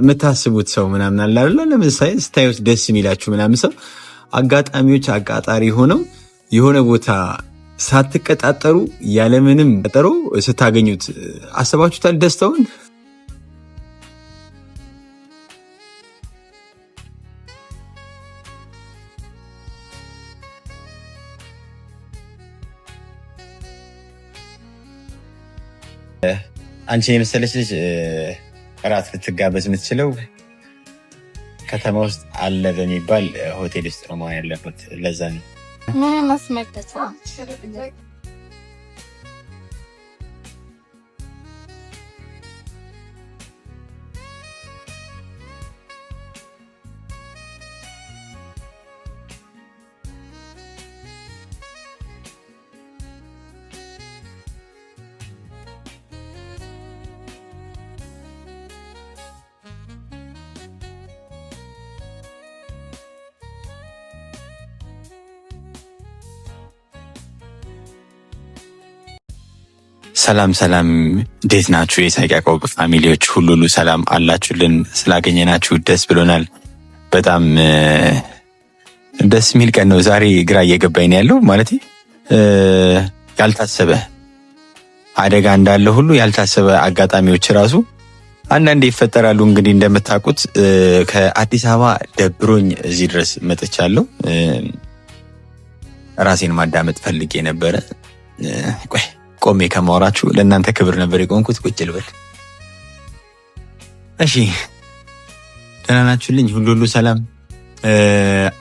የምታስቡት ሰው ምናምን አለ አይደለ? ለምሳሌ ስታዩት ደስ የሚላችሁ ምናምን ሰው አጋጣሚዎች አቃጣሪ ሆነው የሆነ ቦታ ሳትቀጣጠሩ ያለምንም ቀጠሮ ስታገኙት አስባችሁታል ደስታውን? አንቺን የመሰለች ልጅ እራት ልትጋበዝ የምትችለው ከተማ ውስጥ አለ በሚባል ሆቴል ውስጥ ነው መሆን ያለበት። ለዛ ነው ምን ሰላም ሰላም፣ እንዴት ናችሁ? የይስሐቅ ያዕቆብ ፋሚሊዎች ሁሉ ሁሉ ሰላም አላችሁልን? ስላገኘናችሁ ደስ ብሎናል። በጣም ደስ የሚል ቀን ነው ዛሬ። ግራ እየገባኝ ነው ያለው ማለት ያልታሰበ አደጋ እንዳለ ሁሉ ያልታሰበ አጋጣሚዎች ራሱ አንዳንዴ ይፈጠራሉ። እንግዲህ እንደምታውቁት ከአዲስ አበባ ደብሮኝ እዚህ ድረስ መጥቻለሁ። ራሴን ማዳመጥ ፈልጌ ነበረ። ቆይ ቆሜ ከማወራችሁ ለእናንተ ክብር ነበር የቆንኩት። ቁጭ ልበል። እሺ ደህና ናችሁልኝ? ሁሉ ሁሉ ሰላም።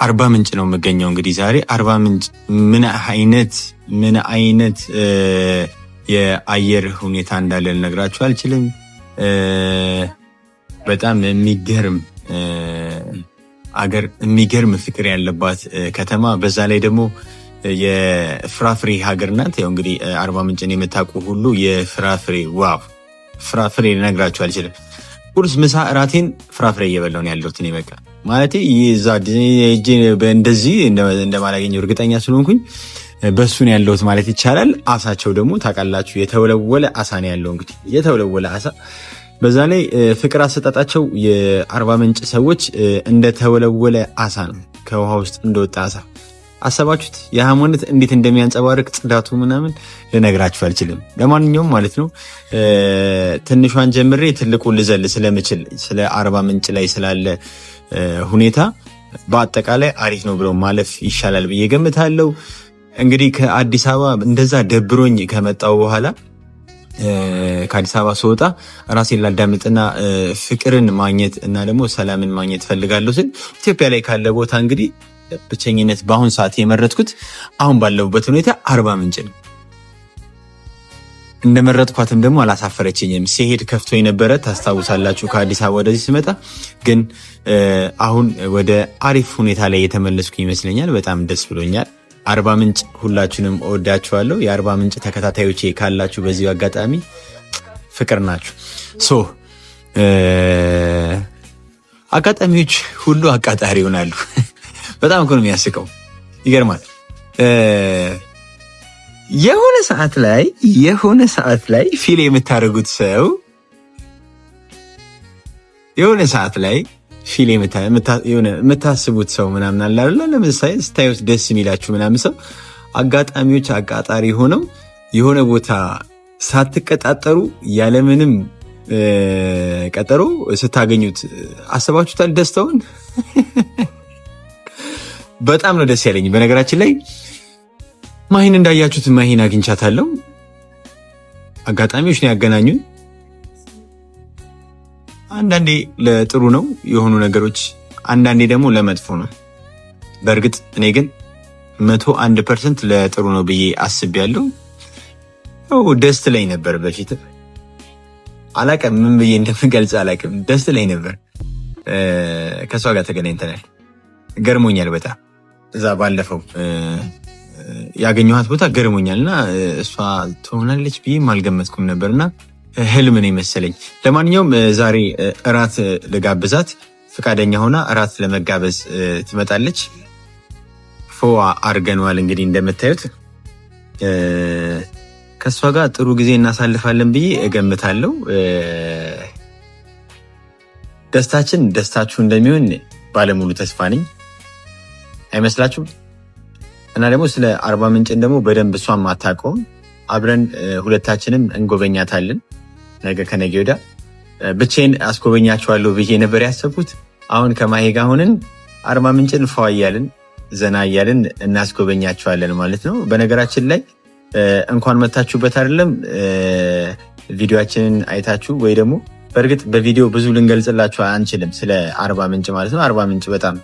አርባ ምንጭ ነው የምገኘው። እንግዲህ ዛሬ አርባ ምንጭ ምን አይነት ምን አይነት የአየር ሁኔታ እንዳለ ልነግራችሁ አልችልም። በጣም የሚገርም አገር፣ የሚገርም ፍቅር ያለባት ከተማ በዛ ላይ ደግሞ የፍራፍሬ ሀገር ናት። ያው እንግዲህ አርባ ምንጭን የምታውቁ ሁሉ የፍራፍሬ ዋው ፍራፍሬ ልነግራችሁ አልችልም። ቁርስ፣ ምሳ፣ እራቴን ፍራፍሬ እየበላሁ ነው ያለሁት እኔ በቃ ማለት ዛ እንደዚህ እንደማላገኘው እርግጠኛ ስለሆንኩኝ በሱን ያለሁት ማለት ይቻላል። አሳቸው ደግሞ ታውቃላችሁ፣ የተወለወለ አሳ ነው ያለው እንግዲህ የተወለወለ አሳ። በዛ ላይ ፍቅር አሰጣጣቸው የአርባ ምንጭ ሰዎች እንደተወለወለ አሳ ነው ከውሃ ውስጥ እንደወጣ አሳ አሰባችሁት የሃይማኖት እንዴት እንደሚያንጸባርቅ ጽዳቱ ምናምን ልነግራችሁ አልችልም። ለማንኛውም ማለት ነው ትንሿን ጀምሬ ትልቁን ልዘል ስለምችል ስለ አርባ ምንጭ ላይ ስላለ ሁኔታ በአጠቃላይ አሪፍ ነው ብሎ ማለፍ ይሻላል ብዬ ገምታለሁ። እንግዲህ ከአዲስ አበባ እንደዛ ደብሮኝ ከመጣው በኋላ ከአዲስ አበባ ስወጣ ራሴን ላዳምጥና ፍቅርን ማግኘት እና ደግሞ ሰላምን ማግኘት ፈልጋለሁ ስል ኢትዮጵያ ላይ ካለ ቦታ እንግዲህ ብቸኝነት በአሁን ሰዓት የመረጥኩት አሁን ባለሁበት ሁኔታ አርባ ምንጭ ነው። እንደመረጥኳትም ደግሞ አላሳፈረችኝም። ሲሄድ ከፍቶ የነበረ ታስታውሳላችሁ። ከአዲስ አበባ ወደዚህ ስመጣ ግን አሁን ወደ አሪፍ ሁኔታ ላይ የተመለስኩ ይመስለኛል። በጣም ደስ ብሎኛል። አርባ ምንጭ ሁላችሁንም እወዳችኋለሁ። የአርባ ምንጭ ተከታታዮቼ ካላችሁ በዚሁ አጋጣሚ ፍቅር ናችሁ። ሶ አጋጣሚዎች ሁሉ አቃጣሪ ይሆናሉ። በጣም እኮ ነው የሚያስቀው። ይገርማል። የሆነ ሰዓት ላይ የሆነ ሰዓት ላይ ፊል የምታደርጉት ሰው የሆነ ሰዓት ላይ ፊል የምታስቡት ሰው ምናምን አለ አይደለ? ለምሳሌ ስታዩት ደስ የሚላችሁ ምናምን ሰው አጋጣሚዎች አቃጣሪ ሆነው የሆነ ቦታ ሳትቀጣጠሩ ያለምንም ቀጠሮ ስታገኙት አስባችሁታል ደስታውን። በጣም ነው ደስ ያለኝ። በነገራችን ላይ ማሂን እንዳያችሁት ማሂን አግኝቻታለሁ። አጋጣሚዎች ነው ያገናኙን። አንዳንዴ ለጥሩ ነው የሆኑ ነገሮች፣ አንዳንዴ ደግሞ ለመጥፎ ነው። በእርግጥ እኔ ግን መቶ አንድ ፐርሰንት ለጥሩ ነው ብዬ አስቤያለሁ። ደስ ላይ ነበር በፊት አላቀም ምን ብዬ እንደምገልጽ አላቅም። ደስ ላይ ነበር። ከእሷ ጋር ተገናኝተናል። ገርሞኛል በጣም እዛ ባለፈው ያገኘኋት ቦታ ገርሞኛል እና እሷ ትሆናለች ብዬም አልገመትኩም ነበር እና ህልም ነው ይመስለኝ። ለማንኛውም ዛሬ እራት ልጋብዛት ፈቃደኛ ሆና እራት ለመጋበዝ ትመጣለች። ፎዋ አርገነዋል እንግዲህ እንደምታዩት ከእሷ ጋር ጥሩ ጊዜ እናሳልፋለን ብዬ እገምታለሁ። ደስታችን ደስታችሁ እንደሚሆን ባለሙሉ ተስፋ ነኝ። አይመስላችሁም? እና ደግሞ ስለ አርባ ምንጭን ደግሞ በደንብ እሷ ማታቀውም አብረን ሁለታችንም እንጎበኛታለን ነገ ከነገ ወዲያ። ብቼን አስጎበኛችኋለሁ ብዬ ነበር ያሰብኩት። አሁን ከማሄ ጋር ሆነን አርባ ምንጭን ፏ እያልን ዘና እያልን እናስጎበኛችኋለን ማለት ነው። በነገራችን ላይ እንኳን መታችሁበት አይደለም ቪዲዮችንን አይታችሁ ወይ ደግሞ በእርግጥ በቪዲዮ ብዙ ልንገልጽላችሁ አንችልም ስለ አርባ ምንጭ ማለት ነው። አርባ ምንጭ በጣም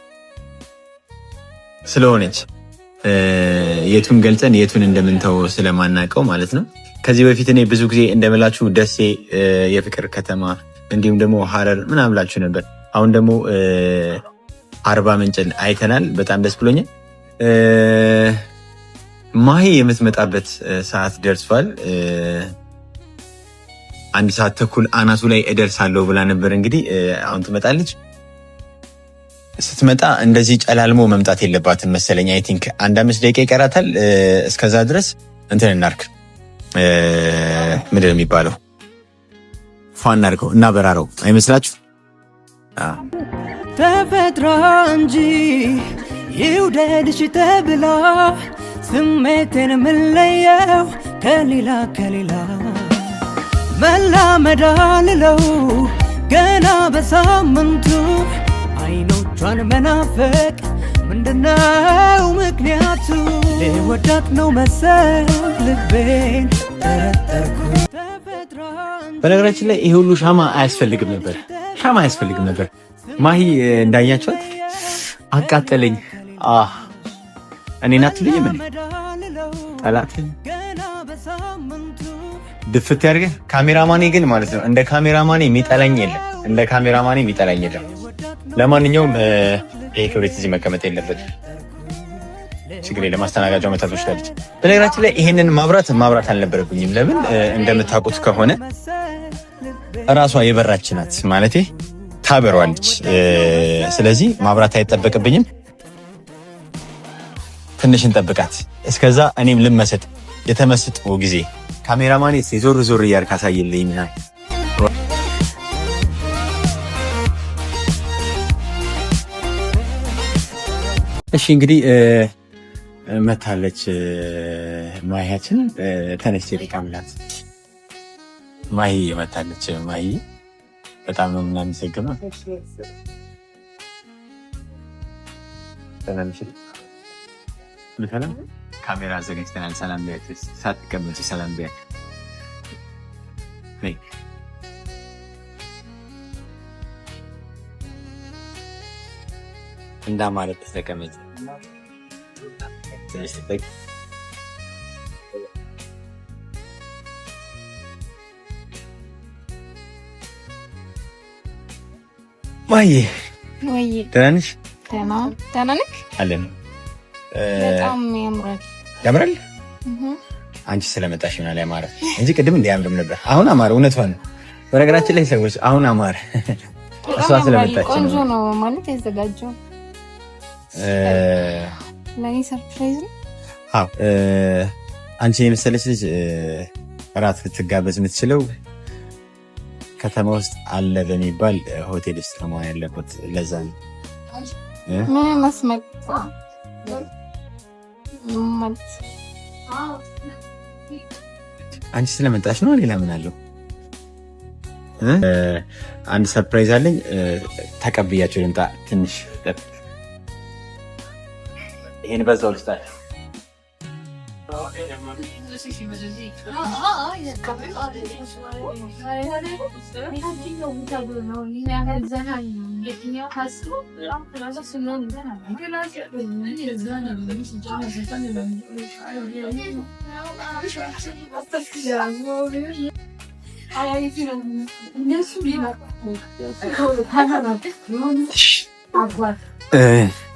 ስለሆነች የቱን ገልጸን የቱን እንደምንተው ስለማናቀው ማለት ነው። ከዚህ በፊት እኔ ብዙ ጊዜ እንደምላችሁ ደሴ የፍቅር ከተማ እንዲሁም ደግሞ ሀረር ምናምን ብላችሁ ነበር። አሁን ደግሞ አርባ ምንጭን አይተናል። በጣም ደስ ብሎኛል። ማሂ የምትመጣበት ሰዓት ደርሷል። አንድ ሰዓት ተኩል አናቱ ላይ እደርሳለሁ ብላ ነበር። እንግዲህ አሁን ትመጣለች። ስትመጣ እንደዚህ ጨላልሞ መምጣት የለባትም መሰለኝ። አይ ቲንክ አንድ አምስት ደቂቃ ይቀራታል። እስከዛ ድረስ እንትን እናርክ ምንድን የሚባለው? ፏ እናርገው እና በራረው አይመስላችሁ? ተፈጥሮ እንጂ ይውደድሽ ተብላ ስሜትን ምለየው ከሌላ ከሌላ መላመዳልለው ገና በሳምንቱ አይኖ ፊቷን መናፈቅ ምንድነው ምክንያቱ? ወዳት ነው መሰል ልቤን ተረጠርኩ። በነገራችን ላይ ይሄ ሁሉ ሻማ አያስፈልግም ነበር፣ ሻማ አያስፈልግም ነበር። ማሂ እንዳያቸዋት አቃጠለኝ። እኔ ናት ናትልኝ ምን ጠላት ድፍት ያድርገህ። ካሜራማኔ ግን ማለት ነው እንደ ካሜራማኔ የሚጠላኝ የለም፣ እንደ ካሜራማኔ የሚጠላኝ የለም። ለማንኛውም ይሄ ክብሬት እዚህ መቀመጥ የለበት ችግር ለማስተናጋጃ መታት ወስዳለች። በነገራችን ላይ ይሄንን ማብራት ማብራት አልነበረብኝም። ለምን እንደምታውቁት ከሆነ እራሷ የበራች ናት ማለት ታበሯለች። ስለዚህ ማብራት አይጠበቅብኝም። ትንሽ እንጠብቃት። እስከዛ እኔም ልመሰጥ የተመስጥ ጊዜ ካሜራማን የዞር ዞር እያልክ አሳይልኝ ምናምን እሺ እንግዲህ መታለች ማያችን ተነስቼ ልቃምላት። ማሂ መታለች። ማሂ በጣም ነው የምናመሰግነው። ካሜራ አዘጋጅተናል። ሰላም ቤት ሳትቀመጡ ሰላም ቤት እንዳማረጥ ተቀመጭ። ማዬ ደህና ነሽ? ደህና ነሽ? አለን። በጣም ያምራል። ያምራል። አንቺ ስለመጣሽ ይሆናል ያማረው እንጂ ቅድም እንዲያምርም ነበር። አሁን አማረ። እውነቷን ነው። በነገራችን ላይ ሰዎች አሁን አማረ። እሷ ስለመጣች ቆንጆ ነው ማለት ያዘጋጀው ለእኔ ሰርፕራይዝ ነው። አዎ አንቺን የመሰለች ልጅ እራት ልትጋበዝ የምትችለው ከተማ ውስጥ አለ በሚባል ሆቴል ውስጥ መሆን ያለበት። ለዛ ነው አንቺ ስለመጣሽ ነው። ሌላ ምን አለው? አንድ ሰርፕራይዝ አለኝ። ተቀብያቸው ልምጣ ትንሽ ይሄን በዛው ልስጣቸው።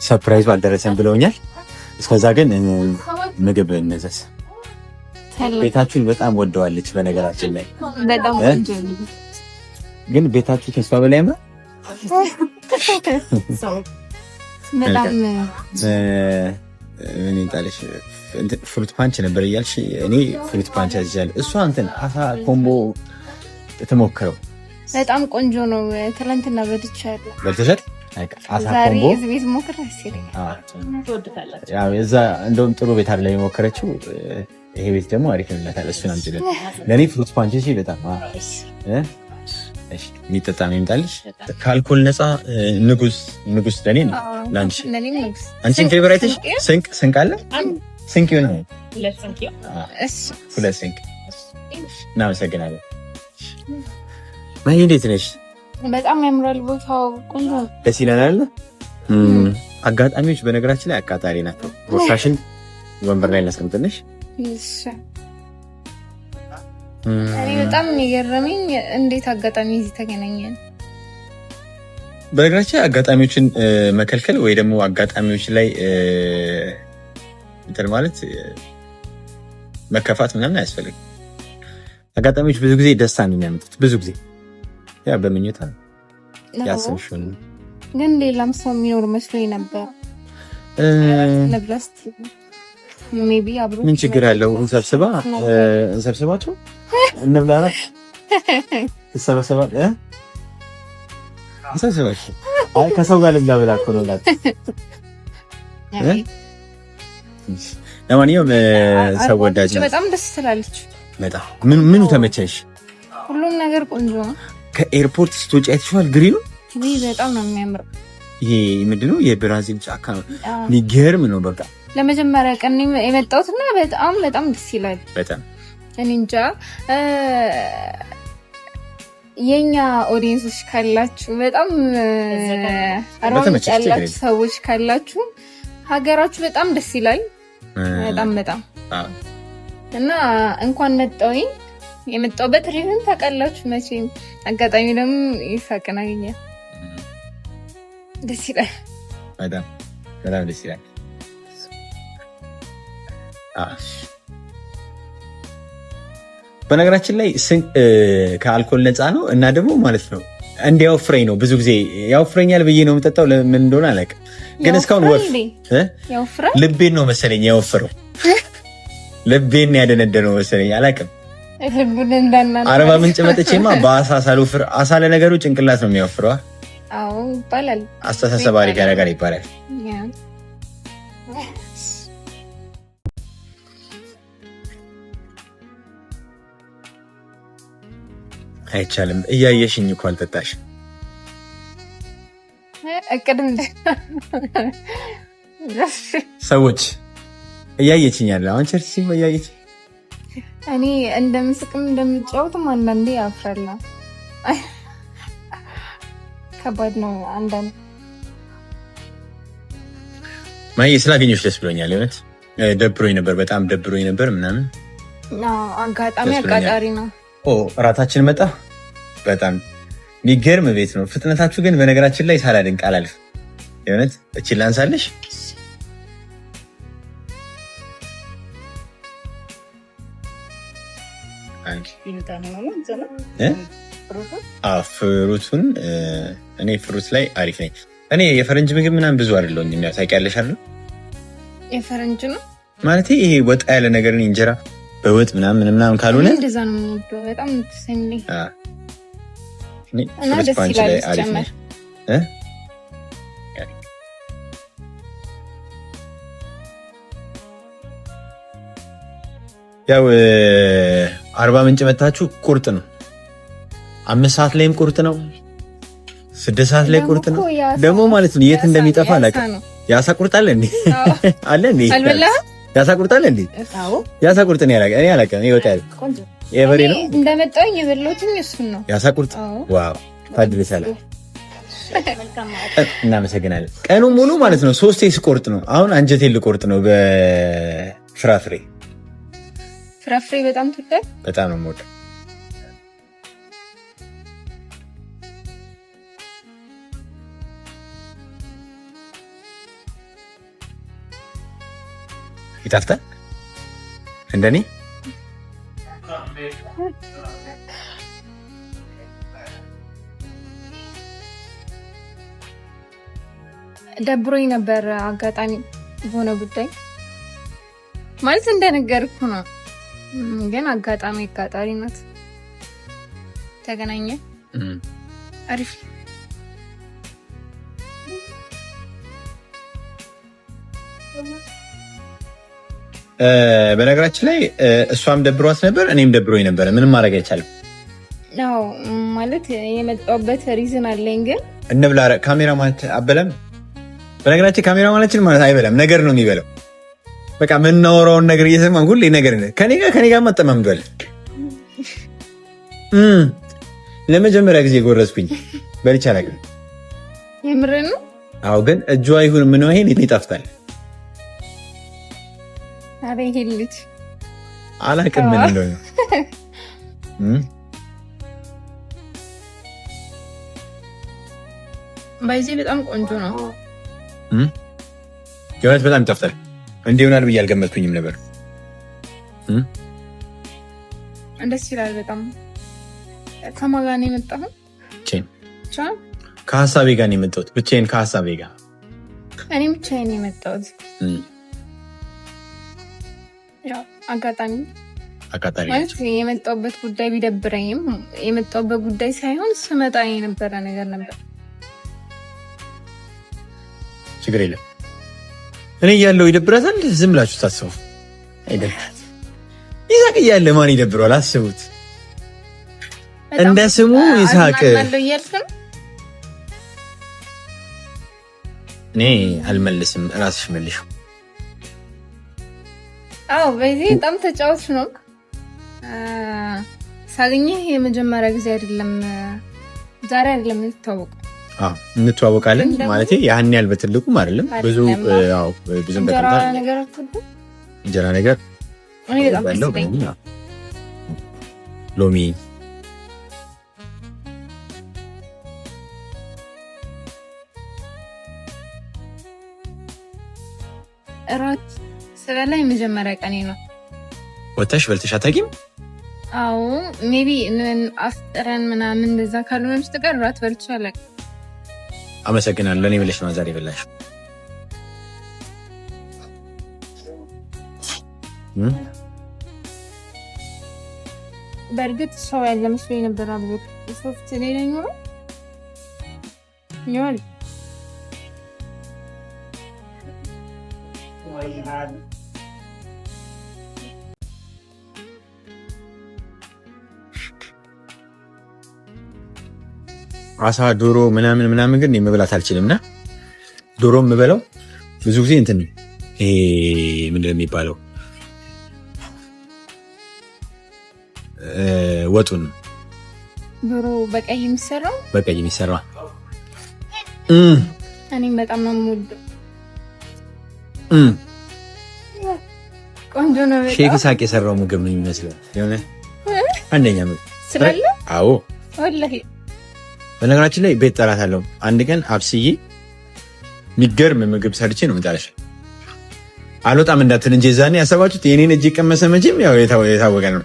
ሰፕራይዝ አልደረሰም ብለውኛል። እስከዛ ግን ምግብ እንዘዝ። ቤታችሁን በጣም ወደዋለች። በነገራችን ላይ ግን ቤታችሁ ተስፋ በላይ ምራ ፍሩት ፓንች ነበር እያልሽ እኔ ፍሩት ፓንች አዝዣለሁ። እሷ እንትን ሀሳ ኮምቦ ተሞክረው በጣም ቆንጆ ነው። ትላንትና በልቻለሁ። በልተሻል? እንደውም ጥሩ ቤት አለ የሞከረችው። ይሄ ቤት ደግሞ አሪፍ እንላታለን። እሱን አምጪልን። ለእኔ ፍሩት ፓንች ሺ በጣም የሚጠጣ የሚምጣልሽ ከአልኮል ነፃ ንጉስ ንጉስ ለእኔ ነው። ለአንቺ አንቺን ፌቨራይትሽ ስንቅ ስንቅ አለ ስንቅ ይሆን ሁለት ስንቅ። እናመሰግናለን። ማይ እንዴት ነሽ? በጣም ያምራል ቦታው፣ ቆንጆ ደስ ይላል አይደል? አጋጣሚዎች በነገራችን ላይ አቃጣሪ ናቸው። ቦርሳሽን ወንበር ላይ እናስቀምጥልሽ። እኔ በጣም የገረመኝ እንዴት አጋጣሚ እዚህ ተገናኘን። በነገራችን አጋጣሚዎችን መከልከል ወይ ደግሞ አጋጣሚዎች ላይ እንትን ማለት መከፋት ምናምን አያስፈልግም። አጋጣሚዎች ብዙ ጊዜ ደስታ ነው የሚያመጡት ብዙ ጊዜ ያ በምኝታ ነው ያሰብሽውን ግን ሌላም ሰው የሚኖር መስሎኝ ነበር። ምን ችግር አለው? እንሰብስባ እንሰብስባቸው እንብላና ትሰበሰባለህ። እንሰብስባቸው። አይ ከሰው ጋር ልብላ ብላ እኮ ነው ለማንኛውም ሰው ወዳጅ በጣም ደስ ትላለች። በጣም ምኑ ተመቸሽ? ሁሉም ነገር ቆንጆ ነው። ከኤርፖርት ስትወጪ አይተሽዋል? ግሪኑ በጣም ነው የሚያምረው። ይሄ ምንድን ነው? የብራዚል ጫካ ነው። ሊገርም ነው። በቃ ለመጀመሪያ ቀን የመጣሁት እና በጣም በጣም ደስ ይላል። በጣም እኔ እንጃ የኛ ኦዲየንሶች ካላችሁ በጣም አርባምንጭ ያላችሁ ሰዎች ካላችሁ ሀገራችሁ በጣም ደስ ይላል። በጣም በጣም እና እንኳን መጣሁኝ የመጣሁበት ሪዝን ታውቃላችሁ መቼም። አጋጣሚ ደግሞ ይሳቅን አገኛል። ደስ ይላል፣ በጣም በጣም ደስ ይላል። በነገራችን ላይ ከአልኮል ነፃ ነው እና ደግሞ ማለት ነው እንዲያወፍረኝ ነው ብዙ ጊዜ ያወፍረኛል ብዬ ነው የምጠጣው። ለምን እንደሆነ አላውቅም፣ ግን እስካሁን ወፍ ልቤን ነው መሰለኝ ያወፍረው ልቤን ያደነደነው መሰለኝ አላውቅም። አርባ ምንጭ መጥቼማ በአሳ ሳልወፍር አሳ ለነገሩ ጭንቅላት ነው የሚወፍረዋ ይባላል። አስተሳሰብ አሪፍ ያደርጋል ይባላል። አይቻልም። እያየሽኝ እኮ አልጠጣሽ ሰዎች እያየችኛለ አሁን ቸርሲ እያየች እኔ እንደምስቅም እንደምጫወትም አንዳንዴ ያፍራላ። ከባድ ነው አንዳንድ ማየ ስላገኘሁሽ ደስ ብሎኛል። እውነት ደብሮኝ ነበር፣ በጣም ደብሮኝ ነበር ምናምን። አጋጣሚ አጋጣሪ ነው። እራታችን መጣ። በጣም የሚገርም ቤት ነው። ፍጥነታችሁ ግን በነገራችን ላይ ሳላደንቅ አላልፍም። የእውነት እችን ላንሳለሽ ፍሩቱን እኔ ፍሩት ላይ አሪፍ ነኝ። እኔ የፈረንጅ ምግብ ምናምን ብዙ አይደለሁም። እኛ ታውቂያለሽ አይደል? የፈረንጅ ነው ማለት ይሄ ወጣ ያለ ነገር እንጀራ በወጥ ምናምን ምናምን ካልሆነ እንደዛ ያው አርባ ምንጭ መታችሁ ቁርጥ ነው። አምስት ሰዓት ላይም ቁርጥ ነው። ስድስት ሰዓት ላይ ቁርጥ ነው ደግሞ ማለት ነው። የት እንደሚጠፋ አላውቅም። ያሳ ቁርጥ አለ እንዴ? አለ እንዴ? ያሳ ቁርጥ አለ እንዴ? ያሳ ቁርጥ ነው ያላቀ እኔ አላቀ ነው ይወጣል። የበሬ ነው እንደመጣው የበሎትም እሱን ነው ያሳ ቁርጥ። ዋው ታድርሳለ። እናመሰግናለን። ቀኑ ሙሉ ማለት ነው ሶስቴ ስቆርጥ ነው። አሁን አንጀቴን ልቆርጥ ነው በፍራፍሬ ፍራፍሬ በጣም ትወዳለህ? በጣም ነው የምወደው። ይጣፍጣል እንደኔ ደብሮኝ ነበር አጋጣሚ በሆነ ጉዳይ ማለት እንደነገርኩ ነው ግን አጋጣሚ አጋጣሪነት ተገናኘ። አሪፍ በነገራችን ላይ እሷም ደብሯት ነበር፣ እኔም ደብሮኝ ነበረ። ምንም ማድረግ አይቻልም። ው ማለት የመጣሁበት ሪዝን አለኝ። ግን እንብላ ካሜራ ማለት አበለም። በነገራችን ካሜራ ማለችን ማለት አይበላም፣ ነገር ነው የሚበላው በቃ የምናወራውን ነገር እየሰማን ሁሌ ነገር ከኔ ጋር ከኔ ጋር ማጠማምዷል። ለመጀመሪያ ጊዜ ጎረስኩኝ በልቼ አላውቅም። የምር ነው። አዎ፣ ግን እጇ ይሁን ምን ይሄን እኔ አረ ይሄ ልጅ አላውቅም ምን እንደሆነ ባይዜ በጣም ቆንጆ ነው። የእውነት በጣም ይጠፍታል። እንዲህ ይሆናል ብዬ አልገመትኩኝም ነበር። ደስ ይላል በጣም። ከማጋ ነው የመጣሁት? ከሀሳቤ ጋር ነው የመጣሁት። ብቻዬን ከሀሳቤ ጋር እኔ ብቻዬን ነው የመጣሁት። አጋጣሚ አጋጣሚ የመጣሁበት ጉዳይ ቢደብረኝም የመጣሁበት ጉዳይ ሳይሆን ስመጣ የነበረ ነገር ነበር። ችግር የለም። እኔ እያለሁ ይደብራታል። ዝም ብላችሁ ታስቡ። አይደብራት ይስሐቅ እያለ ማን ይደብረዋል? አስቡት። እንደ ስሙ ይስሐቅ እኔ አልመልስም። እራስሽ መልሽ። አዎ በዚህ በጣም ተጫወትሽ ነው። ሳግኘህ የመጀመሪያ ጊዜ አይደለም፣ ዛሬ አይደለም እንተዋወቅ እንተዋወቃለን ማለት ያህን ያህል በትልቁም አይደለም። ብዙ ብዙ እንጀራ ነገር ሎሚ እራት ስበላ የመጀመሪያ ቀኔ ነው። ወተሽ በልተሽ አታውቂም? አዎ ቢ አፍጥረን ምናምን እንደዛ ካልሆነ በስተቀር እራት በልቼ አላውቅም። አመሰግናለሁ። ለእኔ ብለሽ ነው ዛሬ ብላሽ በእርግጥ ሰው ያለ መስሎ የነበረ አብሮ ሶፍት ሌላ ይኖረ ይሆን አሳ፣ ዶሮ ምናምን ምናምን ግን መብላት አልችልም። እና ዶሮ የምበለው ብዙ ጊዜ እንትን ምንድን ነው የሚባለው ወጡን ዶሮ በቀይ የሚሰራው በቀይ የሚሰራው እኔም በጣም ነው የምወደው። ቆንጆ ነው። ሼክ ሳቅ የሰራው ምግብ ነው የሚመስለው የሆነ አንደኛ ምግብ ስላለ አዎ ወላሂ በነገራችን ላይ ቤት ጠራት አለው። አንድ ቀን አብስዬ የሚገርም ምግብ ሰርቼ ነው መጨረሻ አልወጣም እንዳትን እንጂ ዛኔ ያሰባችሁት የኔን እጅ የቀመሰ መቼም ያው የታወቀ ነው።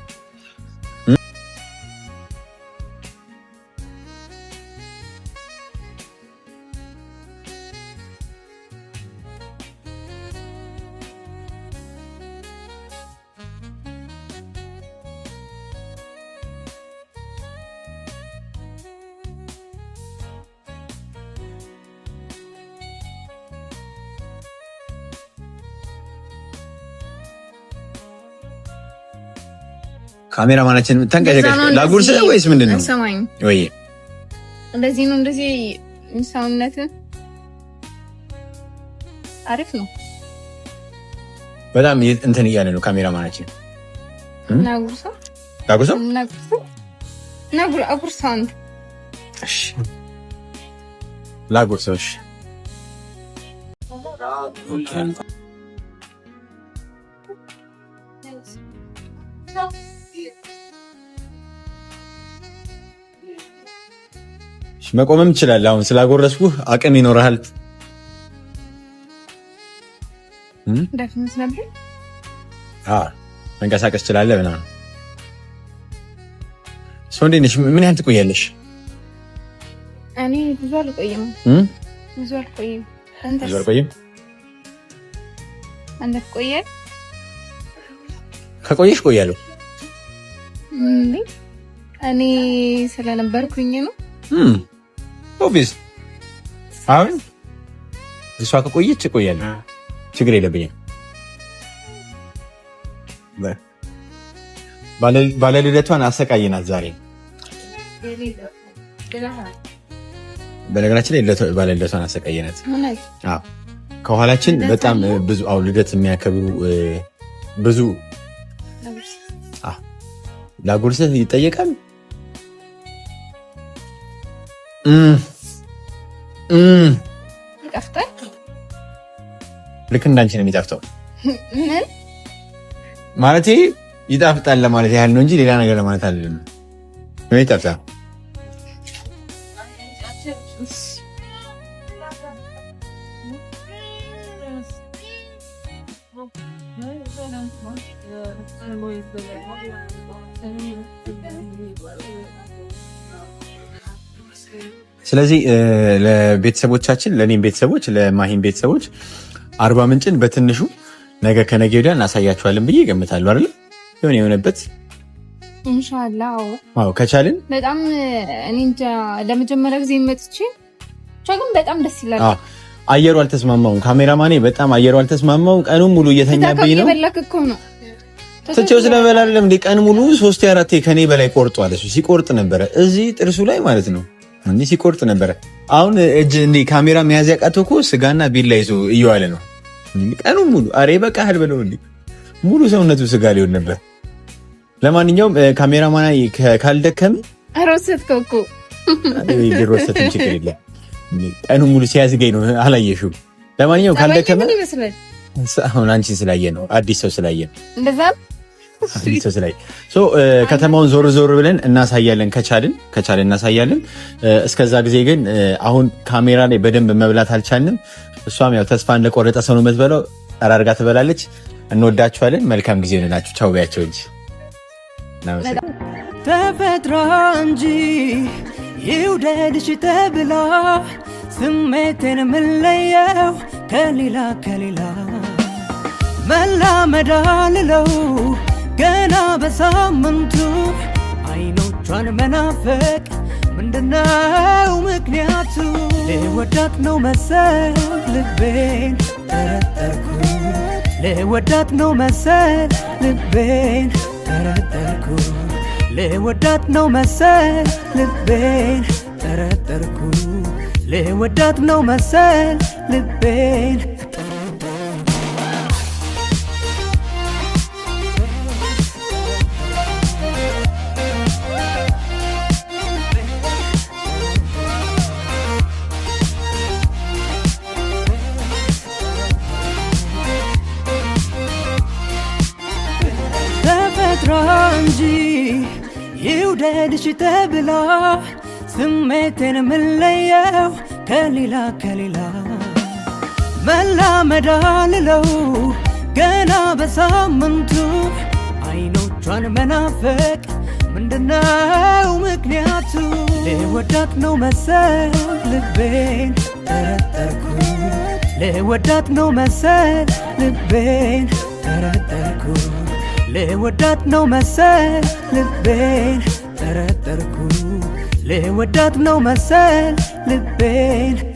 ካሜራማናችን ማናችን ተንቀሸቀሽ ላጉርስ ወይስ ምንድን ነው? አይሰማኝም ወይ? እንደዚህ ነው እንደዚህ ሰውነት አሪፍ ነው። በጣም እንትን እያለ ነው ካሜራ ማናችን ላጉርሰው ላጉርሰው መቆምም ይችላል። አሁን ስላጎረስኩህ አቅም ይኖርሃል። መንቀሳቀስ ይችላለህ ምናምን። ሰው እንዴት ነሽ? ምን ያህል ትቆያለሽ? እኔ ብዙ አልቆይም። ብዙ አልቆይም። አንተ ትቆያለህ? ከቆየሽ እቆያለሁ። እኔ ስለነበርኩኝ ነው ኦቪስ አሁን እሷ ከቆየች ቆያለ ችግር የለብኝም። ባለልደቷን አሰቃየናት ዛሬ። በነገራችን ላይ ባለልደቷን ከኋላችን በጣም ብዙ አሁን ልደት የሚያከብሩ ብዙ ላጎርሰት ይጠየቃል። ይጣፍጣል። ልክ እንዳንቺ ነው የሚጣፍጠው። ምን ማለት ይጣፍጣል ለማለት ያህል ነው እንጂ ሌላ ነገር ለማለት አይደለም። ምን ይጣፍጣል? ስለዚህ ለቤተሰቦቻችን ለእኔም ቤተሰቦች ለማሂም ቤተሰቦች አርባ ምንጭን በትንሹ ነገ ከነገ ወዲያ እናሳያችኋለን ብዬ እገምታለሁ። አይደለም የሆነ የሆነበት እንሻላ ከቻልን በጣም ለመጀመሪያ ጊዜ መጥቼ ግን በጣም ደስ ይላል። አየሩ አልተስማማውም። ካሜራማኔ በጣም አየሩ አልተስማማውም። ቀኑን ሙሉ እየተኛብኝ ነው። ትቼው ስለበላለም ቀን ሙሉ ሶስት አራቴ ከኔ በላይ ቆርጧል። እሱ ሲቆርጥ ነበረ እዚህ ጥርሱ ላይ ማለት ነው እንዲህ ሲቆርጥ ነበረ። አሁን እጅ እንዲህ ካሜራ መያዝ ያቃተው እኮ ስጋና ቢላ ይዞ እየዋለ ነው ቀኑ ሙሉ። አሬ በቃ ህል ብለው ሙሉ ሰውነቱ ስጋ ሊሆን ነበር። ለማንኛውም ካሜራማና ካልደከም ሮሰት ችግር ቀኑ ሙሉ ሲያዝገኝ ነው አላየሽውም። ለማንኛውም ካልደከመ አሁን አንቺን ስላየ ነው አዲስ ሰው ስላየ ነው ላይ ከተማውን ዞር ዞር ብለን እናሳያለን። ከቻልን ከቻልን እናሳያለን። እስከዛ ጊዜ ግን አሁን ካሜራ ላይ በደንብ መብላት አልቻልንም። እሷም ያው ተስፋ እንደቆረጠ ሰው ነው የምትበላው። ጠራርጋ ትበላለች። እንወዳችኋለን። መልካም ጊዜ ሆንላችሁ። ቻው ቢያቸው እንጂ ተፈጥሮ እንጂ ይውደድሽ ተብላ ስሜትን ምለየው ከሌላ ከሌላ መላመዳልለው ገና በሳምንቱ አይኖቿን መናፈቅ ምንድነው ምክንያቱ? ልወዳት ነው መሰል ልቤን ጠረጠርኩ ልወዳት ነው መሰል ልቤን ጠረጠርኩ ልወዳት ነው መሰል ልቤን ጠረጠርኩ ልወዳት ነው መሰል ልቤን ይውደድሽ ተብላ ስሜቴን ምለየው ከሌላ ከሌላ መላመዳ ልለው ገና በሳምንቱ አይኖቿን መናፈቅ ምንድነው ምክንያቱ? ልወዳት ነው መሰል ልቤን ተረጠርኩት ልወዳት ነው መሰል ልቤን ተረጠርኩት ልወዳት ነው መሰል ልቤን ጠረጠርኩ ልወዳት ነው መሰል ልቤን